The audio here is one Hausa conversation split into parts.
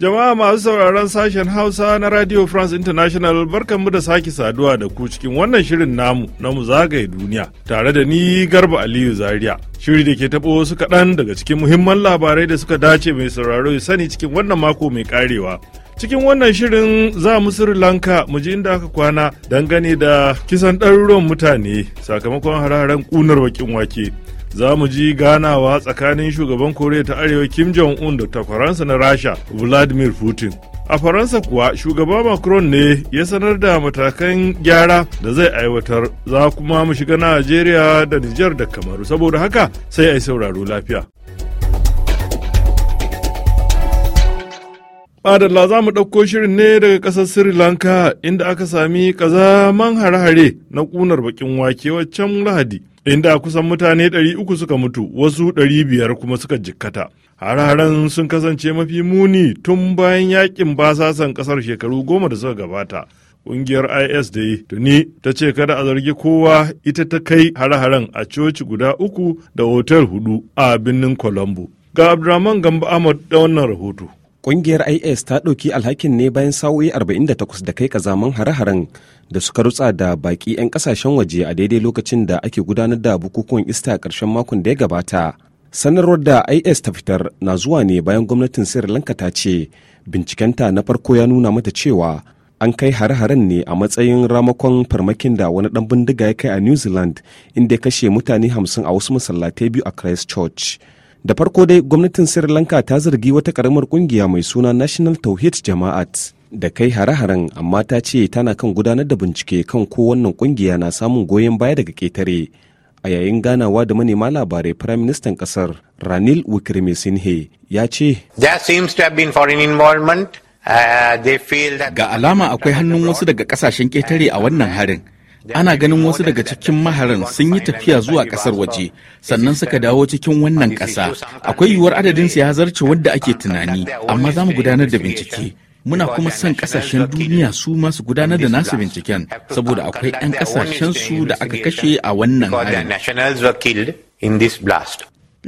Jama'a masu sauraron sashen Hausa na Radio France International barkanmu da sake saduwa da ku cikin wannan shirin namu na mu zagaye duniya tare da ni Garba Aliyu Zaria. Shiri da ke taɓo wasu kaɗan daga cikin muhimman labarai da suka dace mai sauraro ya sani cikin wannan mako mai ƙarewa, Cikin wannan shirin za mu Sri Lanka mu ji inda aka kwana dangane da kisan ɗaruruwan mutane sakamakon hare-haren ƙunar wakin wake. za mu ji ganawa tsakanin shugaban koriya ta arewa kim jong-un da ta faransa na rasha vladimir putin a faransa kuwa shugaba macron ne ya sanar da matakan gyara da zai aiwatar za kuma mu shiga najeriya da nijar da kamaru saboda haka sai a sauraro lafiya Adalla za mu ɗauko shirin ne daga ƙasar Sri Lanka inda aka sami ƙazaman hare-hare na ƙunar bakin wake waccan Lahadi inda kusan mutane 300 suka mutu wasu 500 kuma suka jikkata. Har-haren sun kasance mafi muni tun bayan yakin basasan kasar shekaru goma da suka gabata. Ƙungiyar IS da yi tuni ta ce kada a zargi kowa ita ta kai har-haren a coci guda uku da otel hudu a birnin Colombo. Ga Abdurrahman Gamba Ahmad da wannan rahoto. Ƙungiyar IS ta ɗauki alhakin ne bayan sa'o'i 48 da kai kazaman hare-haren da suka rutsa da baƙi 'yan ƙasashen waje a daidai lokacin da ake gudanar da bukukuwan Ista ƙarshen makon da ya gabata. Sanarwar da IS ta fitar na zuwa ne bayan gwamnatin Sri Lanka ta ce bincikenta na farko ya nuna mata cewa an kai hare-haren ne a matsayin ramakon farmakin da wani ɗan bindiga ya kai a New Zealand inda ya kashe mutane 50 a wasu masallatai biyu a Christchurch. da farko dai gwamnatin sri lanka ta zargi wata karamar kungiya mai suna national tauhid jama'at da kai hare-haren amma ta ce tana kan gudanar da bincike kan ko wannan kungiya na samun goyon baya daga ketare a yayin ganawa da manema labarai prime minister kasar ranil wikirmesinhe ya ce uh, Ga alama akwai hannun wasu daga kasashen ketare a wannan harin, ana ganin wasu daga cikin maharan sun yi tafiya zuwa kasar waje sannan suka dawo cikin wannan kasa akwai yiwuwar adadin su ya zarce wadda ake tunani amma za mu gudanar da bincike muna kuma son kasashen duniya su masu gudanar da nasu binciken saboda akwai 'yan kasashen su da aka kashe a wannan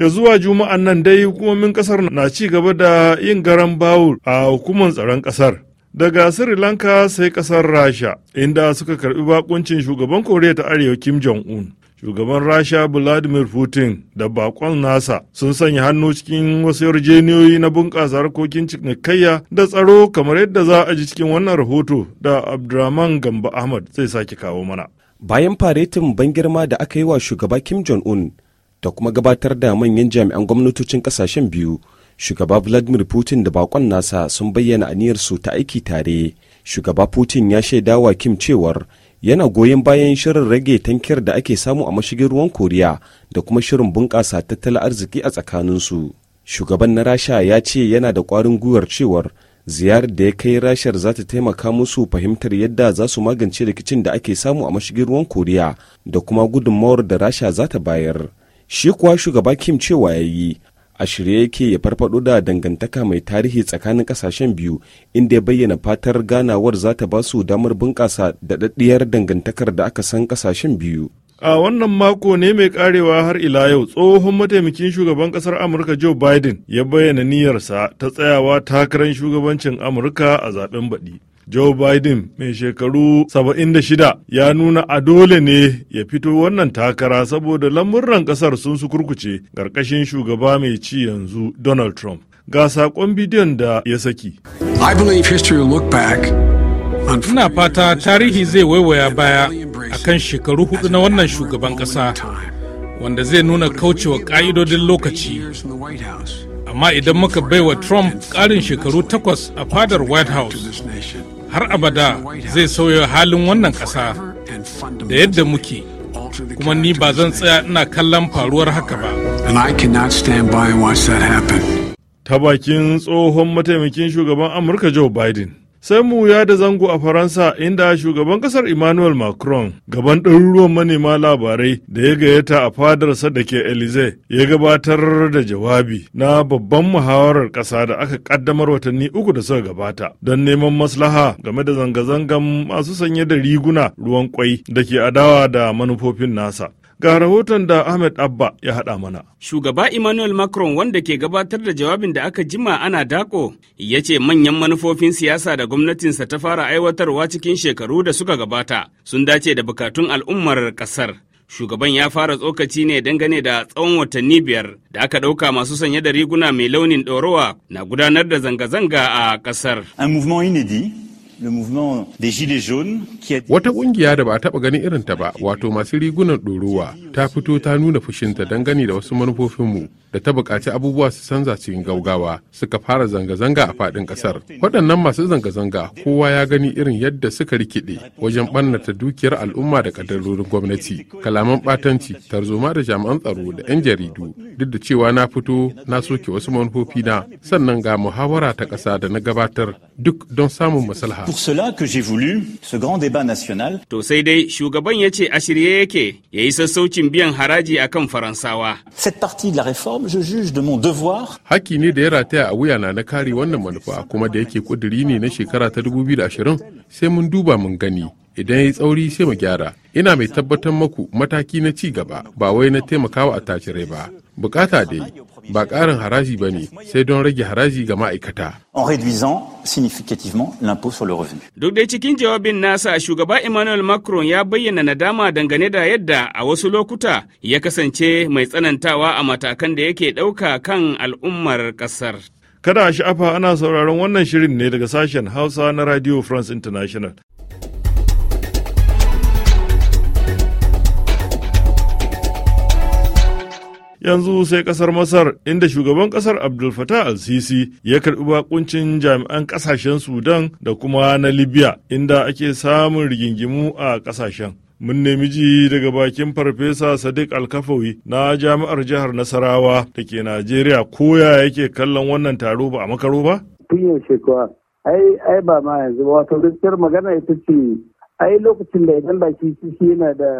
ya zuwa juma'an nan dai hukumomin kasar na ci gaba da yin garan bawul a hukumar tsaron kasar daga sri lanka sai kasar rasha inda suka karbi bakuncin shugaban koriya ta arewa kim jong-un shugaban rasha vladimir putin da bakon nasa sun sanya hannu cikin wasu yarjejeniyoyi na bunƙasa harkokin cinikayya da tsaro kamar yadda za a ji cikin wannan rahoto da abdurrahman gamba ahmad zai sake kawo mana bayan faretin ban girma da aka yi wa shugaba kim jong-un da kuma gabatar da manyan jami'an gwamnatocin ƙasashen biyu shugaba vladimir putin da bakon nasa sun bayyana aniyarsu ta aiki tare shugaba putin ya shaida wa kim cewar yana goyon bayan shirin rage tankiyar da ake samu a mashigin ruwan koriya da kuma shirin bunƙasa tattalin arziki a tsakaninsu shugaban na rasha ya ce yana da ƙwarin gwiwar cewar ziyarar da ya kai rashar za ta taimaka musu fahimtar yadda za su magance rikicin da ake samu a mashigin ruwan koriya da kuma gudunmawar da rasha za ta bayar shi kuwa shugaba kim cewa ya yi a shirye yake ya farfado da dangantaka mai tarihi tsakanin kasashen biyu inda ya bayyana fatar ganawar za ta ba su damar bunƙasa daɗaɗɗiyar dangantakar da aka san kasashen biyu a wannan mako ne mai karewa har ila yau tsohon mataimakin shugaban kasar amurka joe biden ya bayyana niyyarsa ta tsayawa takarar shugabancin amurka a zaben baɗi Joe Biden mai shekaru 76 ya nuna a dole ne ya fito wannan takara saboda lamurran kasar sun su kurkuce ƙarƙashin shugaba mai ci yanzu Donald Trump. Ga saƙon bidiyon da ya saki. Ina fata tarihi zai waiwaya baya a kan shekaru hudu na wannan shugaban ƙasa wanda zai nuna kaucewa ƙa'idodin lokaci. Amma idan muka baiwa Trump ƙarin shekaru takwas a fadar White House, har abada zai sauya halin wannan ƙasa da yadda muke kuma ni ba zan tsaya ina kallon faruwar haka ba. Ta bakin tsohon mataimakin shugaban Amurka Joe Biden. sai mu ya da zango a faransa inda shugaban kasar emmanuel macron gaban ɗaruruwan manema labarai da ya gayyata a fadarsa da ke elize ya gabatar da jawabi na babban muhawarar ƙasa da aka ƙaddamar watanni uku da suka gabata don neman maslaha game da zanga-zangan masu sanye da riguna ruwan kwai da ke adawa da manufofin nasa Ga rahoton da Ahmed Abba ya haɗa mana. Shugaba Emmanuel Macron wanda ke gabatar da jawabin da aka jima ana dako ya ce manyan manufofin siyasa da gwamnatinsa ta fara aiwatarwa cikin shekaru da suka gabata sun dace da bukatun al'ummar ƙasar. Shugaban ya fara tsokaci ne dangane da tsawon watanni biyar da aka ɗauka masu sanye da riguna mai launin ɗorowa na gudanar da zanga-zanga a ƙasar. Un mouvement inédit Wata ƙungiya da ba a taɓa ganin irinta ba, wato masu rigunan ɗorowa, ta fito ta nuna fushinta dangane da wasu manufofinmu da ta bukaci abubuwa su canza cikin gaugawa suka fara zanga-zanga a faɗin ƙasar waɗannan masu zanga-zanga kowa ya gani irin yadda suka rikide wajen ɓannata dukiyar al'umma da ƙadarorin gwamnati kalaman ɓatanci tarzoma da jami'an tsaro da 'yan jaridu duk da cewa na fito na soke wasu manufofi na sannan ga muhawara ta ƙasa da na gabatar duk don samun maslaha. To sai dai shugaban ya ce a shirye yake ya yi sassaucin biyan haraji akan Faransawa. Cette partie de la réforme comme je juge de mon devoir. Haƙƙi ne da ya rataya a wuyana na kare wannan manufa kuma da yake ƙuduri ne na shekara ta 2020 sai mun duba mun gani idan ya yi tsauri sai mu gyara ina mai tabbatar maku mataki na ci gaba ba wai na taimakawa a attajirai ba bukata dai ba karin haraji ba ne sai don rage haraji ga ma'aikata. En réduisant significativement l'impôt sur le revenu. Duk dai cikin jawabin nasa shugaba Emmanuel Macron ya bayyana nadama dangane da yadda a wasu lokuta ya kasance mai tsanantawa a matakan da yake ɗauka kan al'ummar ƙasar. Kada a sha'afa ana sauraron wannan shirin ne daga sashen Hausa na Radio France International. yanzu sai kasar masar inda shugaban kasar abdul fattah al-sisi ya karbi bakuncin jami'an kasashen sudan da kuma na libya inda ake samun rigingimu a kasashen mun nemi ji daga bakin farfesa sadiq alkafawi na jami'ar jihar nasarawa da ke najeriya koya yake kallon wannan taro ba a makaro ba ai ai ba ma yanzu ba wato magana ita ce ai lokacin da idan baki shi yana da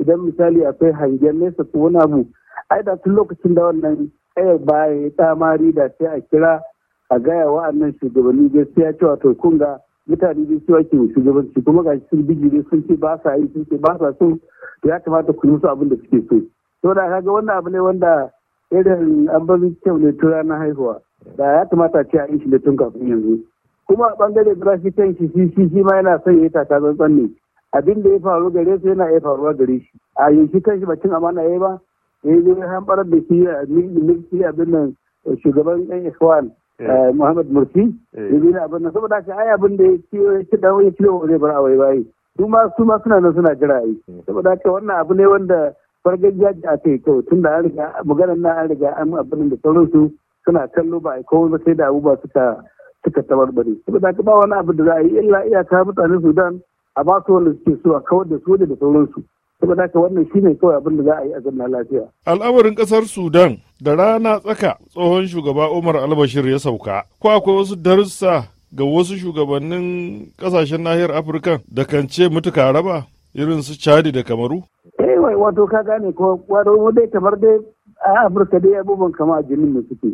idan misali akwai hangen nesa ko wani abu ai da tun lokacin da wannan tsayar baya ya tsamari da sai a kira a gaya wa'annan shugabanni gaskiya cewa to kun ga mutane da su ake shugabanci kuma ga sun bijire sun ce ba sa yi sun ce ba sa so ya kamata ku musu abin da suke so to da kaga wannan abu ne wanda irin an bazu kyau ne tura na haihuwa da ya kamata ce a yi shi da tun kafin yanzu kuma a bangare da shi kan shi shi shi ma yana son ya taka tsantsan ne abin da ya faru gare su yana iya faruwa gare shi a yanzu kan shi bacin amana ya yi ba ya zo ya hamɓarar da shi a mulki abin nan eh, shugaban ɗan ikhwan eh. Eh, muhammad Murti. ya zo abin nan saboda haka ai abin da ya ci ya ci dawo ya ci zai bar awai bai su ma su ma suna nan suna jira ai saboda haka wannan abu ne wanda fargajiya a kai to tun da an riga maganar nan an riga an abin da sauransu suna kallo ba a kowa ba sai da abubuwa suka suka tabarbare saboda haka ba wani abu da za a yi illa iyaka mutanen sudan a ba su wanda suke so a kawar da su da sauransu saboda haka wannan shine kawai abin da za a yi a zanna lafiya al'amarin kasar sudan da rana tsaka tsohon shugaba umar albashir ya sauka ko akwai wasu darussa ga wasu shugabannin kasashen nahiyar afirka da kan ce mutuka raba irin su chadi da kamaru eh wato ka gane ko wato dai kamar dai a afirka dai abubuwan kama a jinin mu suke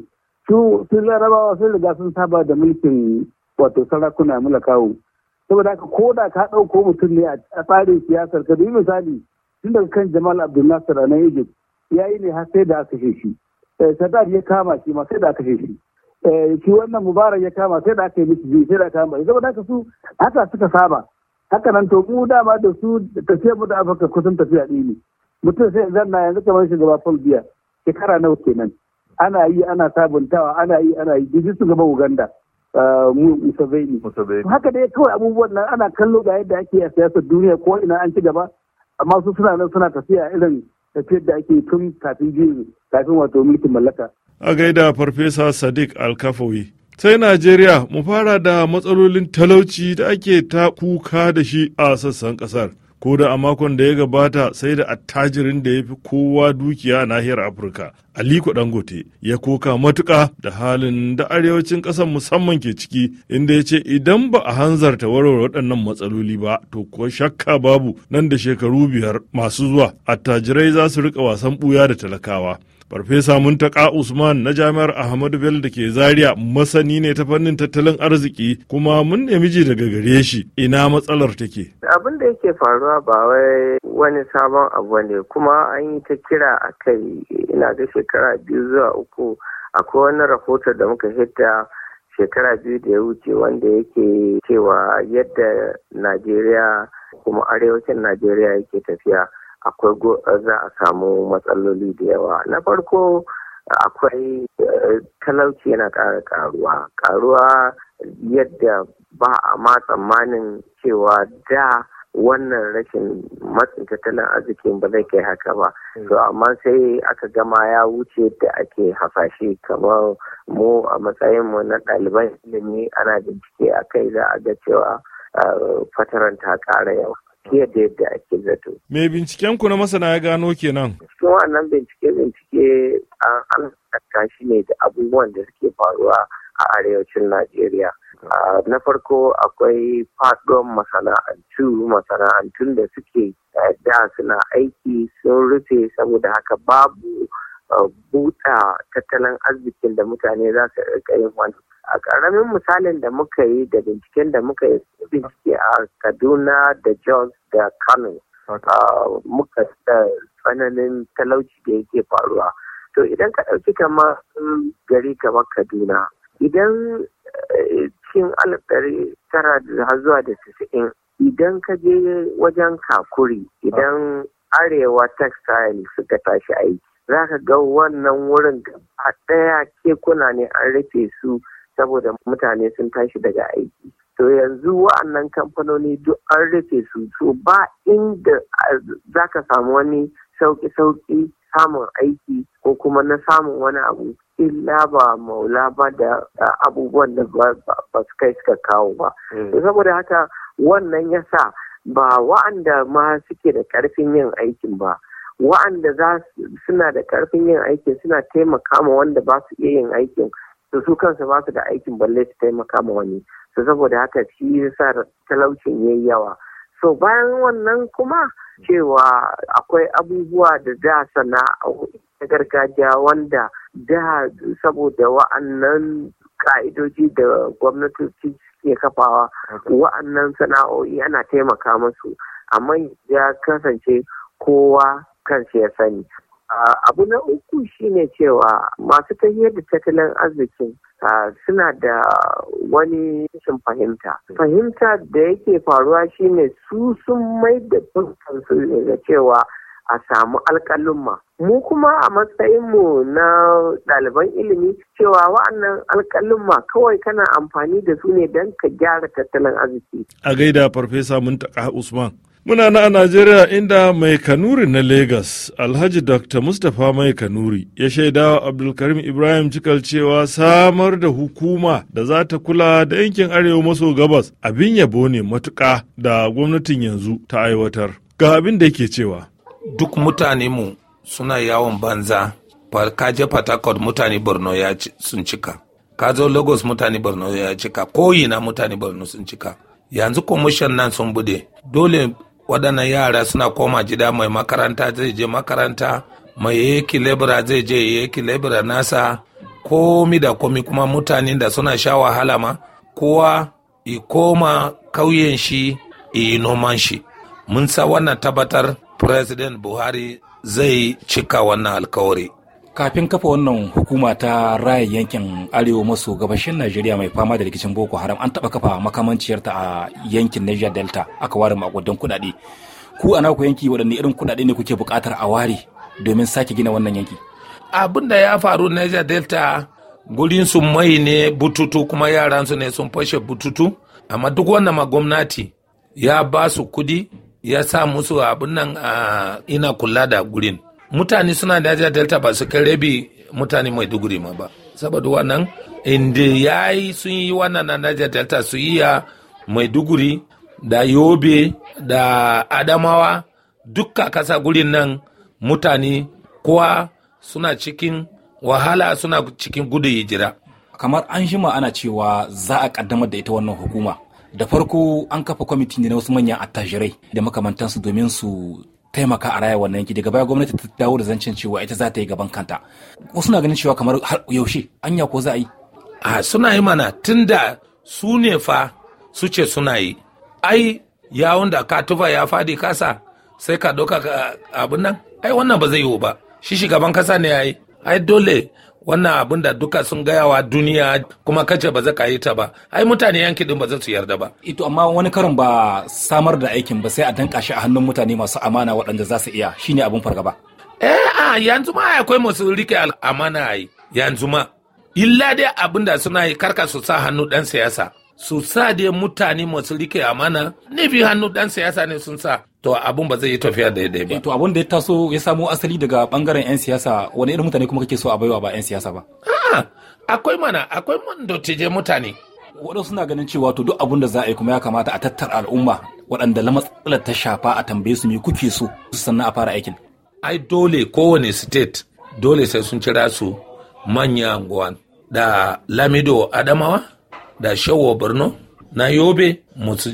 su sun larabawa sun riga sun saba da mulkin wato sarakuna mulakawo saboda haka ko da ka ɗauko mutum ne a tsarin siyasar ka misali tun daga kan Jamal Abdul Nasir a nan Egypt ya yi ne har sai da aka shi eh, sadar ya kama shi ma sai da aka shi eh, shi wannan Mubarak ya kama sai da aka yi mishi biyu sai da aka kama saboda haka su haka suka saba haka nan to mu dama da su tafiya mu da Afirka kusan tafiya ɗaya ne mutum sai zanna yanzu kamar gaba Paul Biya shekara nawa kenan ana yi ana sabuntawa ana yi ana yi jirgin su gaba Uganda eh, Museveni haka dai kawai abubuwan nan ana kallo ga yadda ake a siyasar duniya ko ina an ci gaba amma su suna nan suna tafiya irin tafiyar da ake tun kafin juyin kafin wato mulkin mallaka. A gaida Farfesa Sadiq Alkafawi. Sai Najeriya mu fara da matsalolin talauci da ake ta kuka da shi a sassan ƙasar. ko da a makon da ya gabata sai da attajirin da ya fi kowa dukiya a nahiyar afirka aliko dangote ya koka matuka da halin da arewacin ƙasar musamman ke ciki inda ya ce idan ba a hanzarta warware waɗannan matsaloli ba to kuwa shakka babu nan da shekaru biyar masu zuwa attajirai za su rika wasan ɓuya da talakawa Farfesa Muntaka Usman na Jami'ar Ahmadu Bello da ke Zaria masani ne ta fannin tattalin arziki kuma mun nemi ji daga gare shi ina matsalar take. Abin da yake faruwa ba wai wani sabon abu ne kuma an yi ta kira a kai ina ga shekara biyu zuwa uku akwai wani rahoton da muka hita shekara biyu da ya wuce wanda yake cewa yadda Najeriya kuma arewacin Najeriya yake tafiya. akwai za a samu matsaloli da yawa na farko akwai eh, talauci yana ƙara ƙaruwa ƙaruwa yadda ba a ma tsammanin cewa da wannan rashin matsin tattalin arzikin ba zai kai haka ba hmm. to amma sai aka gama ya wuce da ake hasashe kamar mu a matsayin mu na ɗaliban ilimi ana bincike a kai za a ga cewa eh, fataran ta ƙara yawa yadda da yadda ake zato. Me binciken ku na masana ya gano kenan? Su wannan bincike-bincike an haɗa shi ne da abubuwan da suke faruwa a arewacin Najeriya. Na farko akwai faɗon masana'antu masana'antun da suke da suna aiki sun rufe saboda haka babu buɗa tattalin arzikin da mutane za su rika yin wani a ƙaramin misalin da muka yi da binciken da muka yi bincike a kaduna da jos da kano muka tsananin talauci da yake faruwa to idan ka ɗauki kamar gari kamar kaduna idan eh, cin alif ɗari tara da zuwa da tisa'in idan ka je wajen kakuri idan arewa textile suka tashi aiki za ka ga wannan wurin a ɗaya kekuna ne an rufe su saboda mutane sun tashi daga aiki to yanzu wa'annan kamfanoni duk an rufe su so ba inda za ka samu wani sauƙi-sauƙi samun aiki ko kuma na samun wani abu illa ba maula ba da abubuwan da ba su kai suka kawo ba hmm. saboda haka wannan ya sa ba wa'anda ma suke da ƙarfin yin aikin ba wa'anda za suna da karfin yin aikin suna taimaka ma wanda ba su iya yin aikin su su kansu ba su da aikin balle su taimaka ma wani su saboda haka shi sa talaucin yayi yawa so bayan wannan kuma cewa akwai abubuwa da da sana a gargajiya wanda da saboda wa'annan ka'idoji da gwamnati suke kafawa wa'annan sana'o'i ana taimaka musu amma ya kasance kowa kansu ya sani abu na uku shine cewa masu tahiyar da tattalin arzikin suna da wani rashin fahimta fahimta da yake faruwa shine su sun mai da fuskansu da cewa a samu alƙalumma mu kuma a matsayinmu na ɗaliban ilimi cewa wa'annan alƙalumma kawai kana amfani da su ne don ka gyara tattalin arziki a gaida farfesa muntaka usman Muna na a Najeriya inda mai kanuri na lagos Alhaji Dr. Mustapha mai kanuri ya shaida wa Abdulkarim Ibrahim Jikal cewa samar da hukuma da za ta kula da yankin Arewa maso gabas abin yabo ne matuka da gwamnatin yanzu ta aiwatar. Ga abin da yake cewa. Duk mutane mu suna yawon banza, ka je mutane Borno ya sun cika, ka zo Lagos mutane Borno ya cika, ko koyina mutane Borno sun cika. Yanzu kwamishan nan sun bude, dole waɗannan yara suna koma gida mai makaranta zai je makaranta mai yake lebura zai je yake lebura nasa komi da komi kuma mutanen da suna sha wahala ma kowa i koma kauyen shi i noman shi mun sa wannan tabbatar president buhari zai cika wannan alkawari kafin kafa wannan hukuma ta raya yankin arewa maso gabashin najeriya mai fama da rikicin boko haram an taɓa kafa makamanciyarta a yankin niger delta aka ware makudan kudade ku a naku yanki waɗanne irin kudade ne kuke buƙatar a ware domin sake gina wannan yanki abin da ya faru niger delta gurin su mai ne bututu kuma yaran su ne sun fashe bututu amma duk wannan ma gwamnati ya ba su kudi ya sa musu abin nan ah, ina kula da gurin mutane suna da jihar delta ba su kai rabi mutane duguri ma ba saboda wannan inda ya yi sun yi wannan na Niger delta su yi ya duguri da yobe da adamawa dukka kasa gurin nan mutane kowa suna cikin wahala suna cikin gudu hijira kamar an shima ana cewa za a kaddamar da ita wannan hukuma da farko an kafa kwamiti ne na wasu manyan attajirai da makamantansu domin su taimaka a raya wannan yanki daga baya gwamnati ta dawo da zancen cewa ita za ta yi gaban kanta wasu na ganin cewa kamar har yaushe anya ko za a yi a suna yi mana tunda su ne fa su ce suna yi ai yawon da ka tufa ya fadi kasa sai ka ɗauka abin nan ai wannan ba zai yiwu ba shi gaban kasa ne yayi ai dole wannan abin da duka sun gaya wa duniya kuma kace ba za ka yi ta ba ai mutane yanki din ba za su yarda ba ito amma wani karin ba samar da aikin ba sai a danka shi a hannun mutane masu amana waɗanda za su iya shine abin fargaba eh a yanzu ma akwai masu rike amana ai yanzu ma illa dai abin da suna yi karka su sa hannu dan siyasa su sa dai mutane masu rike amana ne bi hannu dan siyasa ne sun sa to abun ba zai yi tafiya da yadda ba. Eh, to abun da ya taso ya samo asali daga bangaren 'yan siyasa wani irin mutane kuma kake so a baiwa ba 'yan siyasa ba. akwai mana akwai man dottije mutane. waɗansu suna ganin cewa to duk abun da za a yi kuma ya kamata a tattara al'umma waɗanda matsalar ta shafa a tambaye su me kuke so sannan a fara aikin. ai dole kowane state dole sai sun cira su manya gwan. da lamido adamawa da shawo borno na yobe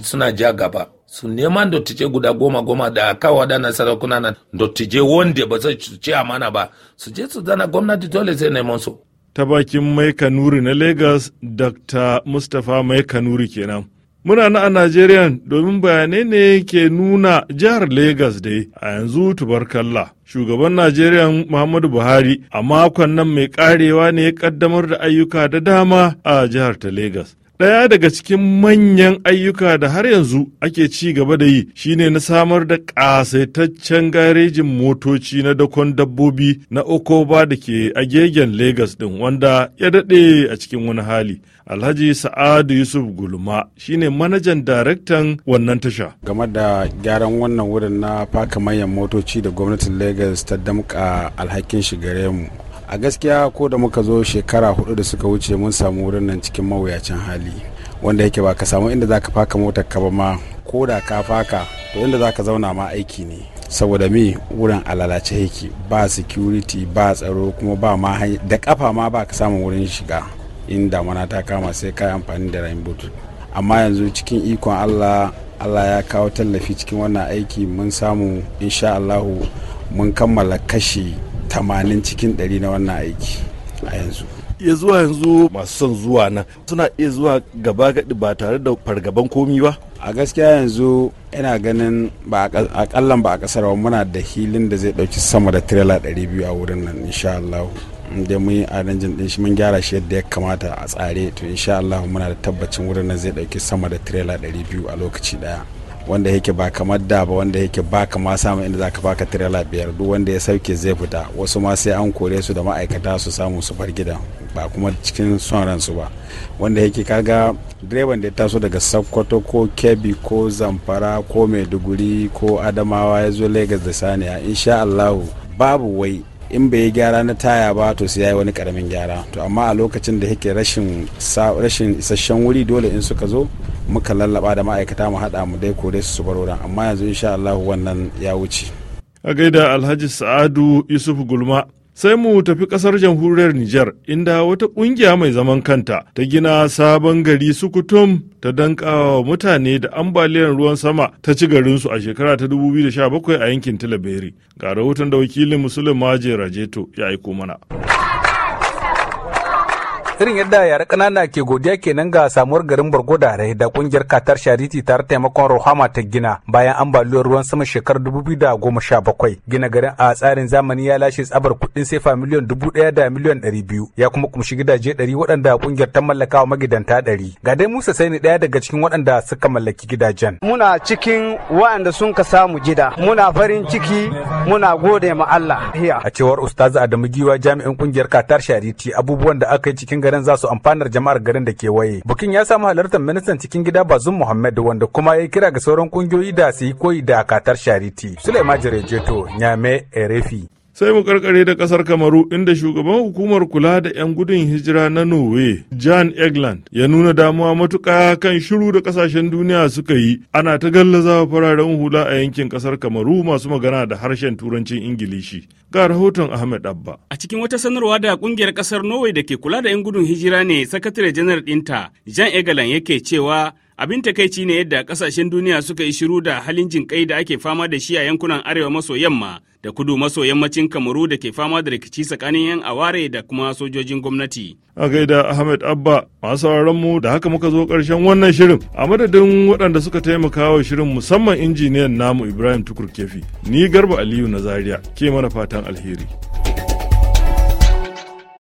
suna ja gaba su neman dottije guda goma goma da kawo waɗannan sarakuna na dottije wanda ba zai ci amana ba su je su zana gwamnati dole zai neman su. ta bakin mai kanuri na lagos dr mustapha mai kanuri kenan muna na a nigeria domin bayanai ne ke nuna jihar lagos dai a yanzu tubarkalla shugaban nigeria muhammadu buhari a makon nan mai karewa ne ya kaddamar da ayyuka da dama a jihar ta lagos Ɗaya daga cikin manyan ayyuka da har yanzu ake ci gaba da yi shine na samar da ƙasaitaccen garejin motoci na dakon dabbobi na Okoba da ke agegen Legas ɗin wanda ya daɗe a cikin wani hali. Alhaji Sa'adu Yusuf Gulma shine manajan daraktan wannan tasha. Game da gyaran wannan wurin na faka manyan motoci da gwamnatin Legas ta damƙa alhakin shi a gaskiya ko da muka zo shekara hudu da suka wuce mun samu wurin nan cikin mawuyacin hali wanda yake ba ka samu inda za ka faka mota ka ba ma ko da ka faka to inda za ka zauna ma aiki ne saboda mi wurin alalace yake ba security ba tsaro kuma ba ma da kafa ma ba ka samu wurin shiga in mana ta kama sai ka amfani da rain boot amma yanzu cikin ikon allah allah ya kawo tallafi cikin wannan aiki mun samu insha Allah mun kammala kashi 80 cikin 100 na wannan aiki a yanzu ya zuwa yanzu masu son zuwa nan suna iya zuwa gaba gadi ba tare da fargaban komi ba a gaskiya yanzu ina ganin ba akallan ba a kasar ba muna da hilin da zai dauki sama da tirela 200 a wurin nan insha Allah da mun yi aranjin din shi mun gyara shi yadda ya kamata a tsare to insha Allah muna da tabbacin wurin nan zai dauki sama da tirela 200 a lokaci daya wanda yake ba kamar da ba wanda yake ba kamar samun inda zaka baka tirela biyar duk wanda ya sauke zai fita wasu ma sai an kore su da ma'aikata su samu su bar gidan ba kuma cikin son ransu ba wanda yake kaga direban da ya taso daga sokoto ko kebbi ko zamfara ko maiduguri ko adamawa ya zo lagos da saniya insha allahu babu wai in bai yi gyara na taya ba to sai ya yi wani karamin gyara to amma a lokacin da yake rashin rashin isasshen wuri dole in suka zo muka lallaba da ma'aikata mu haɗa mu dai kore su su baroran amma yanzu insha Allah wannan ya wuce a gaida Alhaji Sa'adu Yusuf Gulma sai mu tafi kasar jamhuriyar Nijar inda wata kungiya mai zaman kanta ta gina sabon gari Sukutum ta dankawa mutane da ambaliyar ruwan sama ta ci garinsu a shekara ta 2017 a yankin Tilaberi. Ga rahoton da wakilin Musulun Maje Rajeto ya aiko mana. irin yadda yara ƙanana ke godiya kenan ga samuwar garin Bargodare da kungiyar Katar shariti tare taimakon Rohama ta gina bayan ambaliyar ruwan sama shekarar 2017 gina garin a tsarin zamani ya lashe tsabar kuɗin sefa miliyan ɗaya da miliyan biyu ya kuma kumshi gidaje ɗari waɗanda kungiyar ta mallaka wa magidanta ɗari ga dai Musa sai ni ɗaya daga cikin waɗanda suka mallaki gidajen muna cikin waɗanda sun ka samu gida muna farin ciki muna gode ma Allah a cewar Ustaz Adamu Giwa jami'in kungiyar Katar shariti abubuwan da aka yi cikin garin za su amfanar jama'ar garin da ke waye bukin ya samu halartar ministan cikin gida bazum muhammad wanda kuma ya kira ga sauran kungiyoyi da su yi koyi da katar shariti sulaiman jirejeto nyame erefi sai mu karkare da kasar kamaru inda shugaban hukumar kula da 'yan gudun hijira na norway jan egland ya nuna damuwa matuka kan shiru da kasashen duniya suka yi ana ta gallaza fararen hula a yankin kasar kamaru masu magana da harshen turancin ingilishi ga rahoton ahmed abba a cikin wata sanarwa da kungiyar kasar norway da ke kula da 'yan gudun hijira ne sakatare janar dinta jan egland yake cewa Abin takaici ne yadda kasashen duniya suka yi shiru da halin jin kai da ake fama da shi a yankunan arewa maso yamma da kudu maso yammacin kamaru da ke fama da rikici tsakanin 'yan aware da kuma sojojin gwamnati. A gaida Ahmed Abba masu mu da haka muka zo karshen wannan shirin a madadin waɗanda suka taimaka wa shirin musamman injiniyan namu Ibrahim Tukur Kefi ni Garba Aliyu na Zaria ke mana fatan alheri.